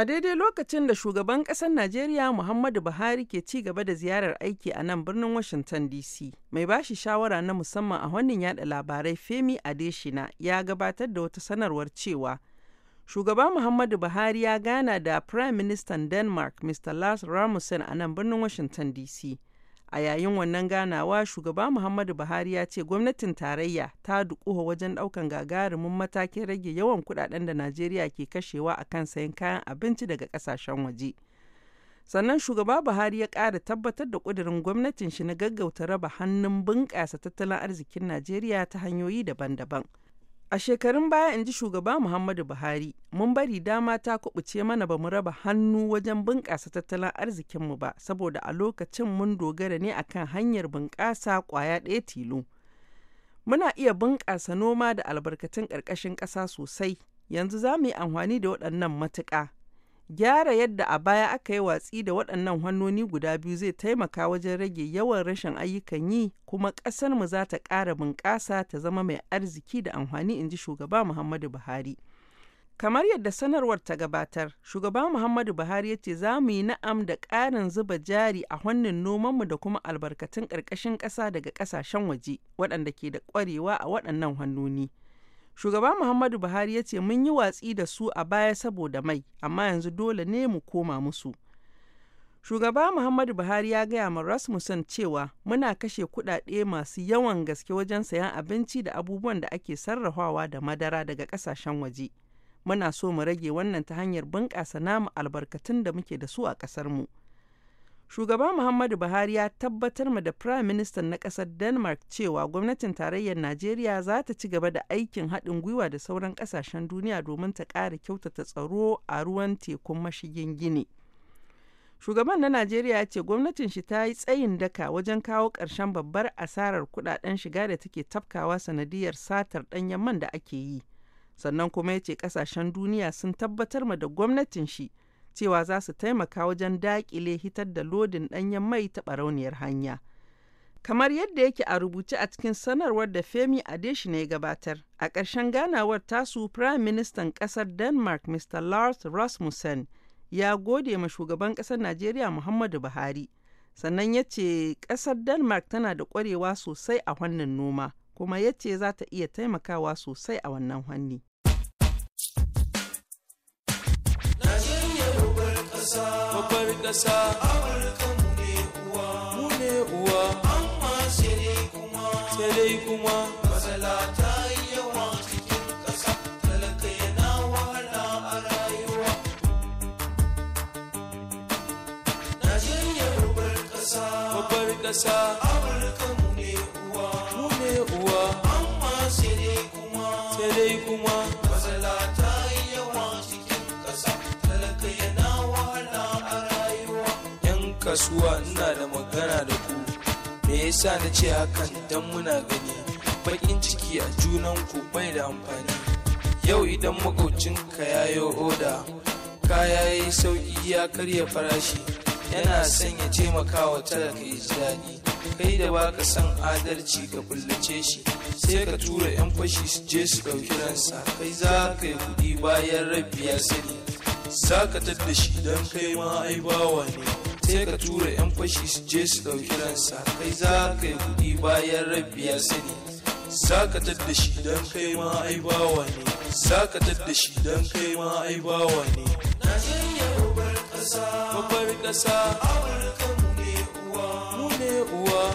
A daidai lokacin da shugaban ƙasar Najeriya Muhammadu Buhari ke ci gaba da ziyarar aiki a nan birnin Washington DC, mai bashi shawara na musamman a wannan yada labarai Femi Adeshina ya gabatar da wata sanarwar cewa Shugaba Muhammadu Buhari ya gana da Prime Minister Denmark Mr. Las Rasmussen a nan birnin Washington DC. a yayin wannan ganawa shugaba muhammadu buhari ya ce gwamnatin tarayya ta dukuwa wajen daukan gagarumin matakin rage yawan kudaden da najeriya ke kashewa a kan sayan kayan abinci daga kasashen waje sannan shugaba buhari ya ƙara tabbatar da ƙudurin gwamnatin shi na gaggauta raba hannun bunƙasa tattalin arzikin najeriya ta hanyoyi daban-daban A shekarun baya, in ji Shugaba Muhammadu Buhari, mun bari dama ta kuɓuce mana ba mu raba hannu wajen bunƙasa tattalin arzikinmu ba, saboda a lokacin mun dogara ne akan hanyar bunƙasa ƙwaya ɗaya tilo. Muna iya bunƙasa noma da albarkatun ƙarƙashin ƙasa sosai, yanzu za mu yi amfani da waɗannan matuƙa. Gyara yadda a baya aka yi watsi da waɗannan hannoni guda biyu zai taimaka wajen rage yawan rashin ayyukan yi kuma ƙasarmu za ta ƙara bunƙasa ta zama mai arziki da amfani inji Shugaba Muhammadu Buhari. Kamar yadda sanarwar ta gabatar, Shugaba Muhammadu Buhari ya ce za mu yi na'am da ƙarin zuba jari a hannun nomanmu da kuma albarkatun ƙarƙashin ƙasa daga ƙasashen waje waɗanda ke da ƙwarewa a waɗannan hannoni. Shugaba Muhammadu Buhari ya ce mun yi watsi da su a baya saboda mai, amma yanzu dole ne mu koma musu. Shugaba Muhammadu Buhari ya gaya ma Rasmussen cewa muna kashe kudade masu yawan gaske wajen sayan abinci da abubuwan da ake sarrafawa da madara daga kasashen waje. Muna so mu rage wannan ta hanyar bunƙasa namu albarkatun da muke da su a ƙasarmu. mu. Shugaba Muhammadu Buhari ya tabbatar ma da prime minister na ƙasar Denmark cewa gwamnatin tarayyar Najeriya za ta ci gaba da aikin haɗin gwiwa da sauran ƙasashen duniya domin ta ƙara kyautata tsaro a ruwan tekun mashigin Gini. Shugaban na Najeriya ya ce gwamnatin shi ta yi tsayin daka wajen kawo ƙarshen babbar asarar kuɗaɗen shiga da take tafkawa sanadiyar satar ɗanyen man da ake yi. Sannan kuma ya ce ƙasashen duniya sun tabbatar ma da gwamnatin shi. cewa za su taimaka wajen dakile hitar da lodin ɗanyen mai ta barauniyar hanya. Kamar yadda yake a rubuce a cikin sanarwar da Femi adeshi ya gabatar, a ƙarshen ganawar tasu Prime Ministan ƙasar Denmark Mr. Lars Rasmussen ya gode ma shugaban ƙasar Najeriya Muhammadu Buhari. Sannan ya ce ƙasar Denmark tana da ƙwarewa sosai a wannan noma, kuma ya ce za ta iya taimakawa sosai a wannan hannu. ƙasa babbar ƙasa amurka mu ne uwa mu ne uwa amma sai dai kuma sai dai kuma matsala ta yi yawa cikin ƙasa talaka yana wahala a rayuwa najeriya babbar ƙasa babbar ƙasa amurka mu ne uwa mu ne uwa amma sai dai kuma sai kuma kasuwa ina da magana da ku me yasa na ce hakan dan muna gani bakin ciki a junan ku bai da amfani yau idan makocin ya yi oda kaya yi sauki ya karya farashi yana son ya taimaka wa talaka ya ji daɗi kai da baka san adalci ka kullace shi sai ka tura 'yan fashi su je su ɗauki ransa kai za ka yi kuɗi bayan rabbi ya sani za ka tadda shi don kai ma ai bawa ne sai ka tura yan fashi su je su ɗauki ransa kai za ka yi kuɗi bayan rabi ya sani zakatar da shi don kai ma ai bawa ne zakatar da shi don kai ma ai bawa ne Najeriya ubar ƙasa ubar ƙasa Amurka mu ne uwa mu ne uwa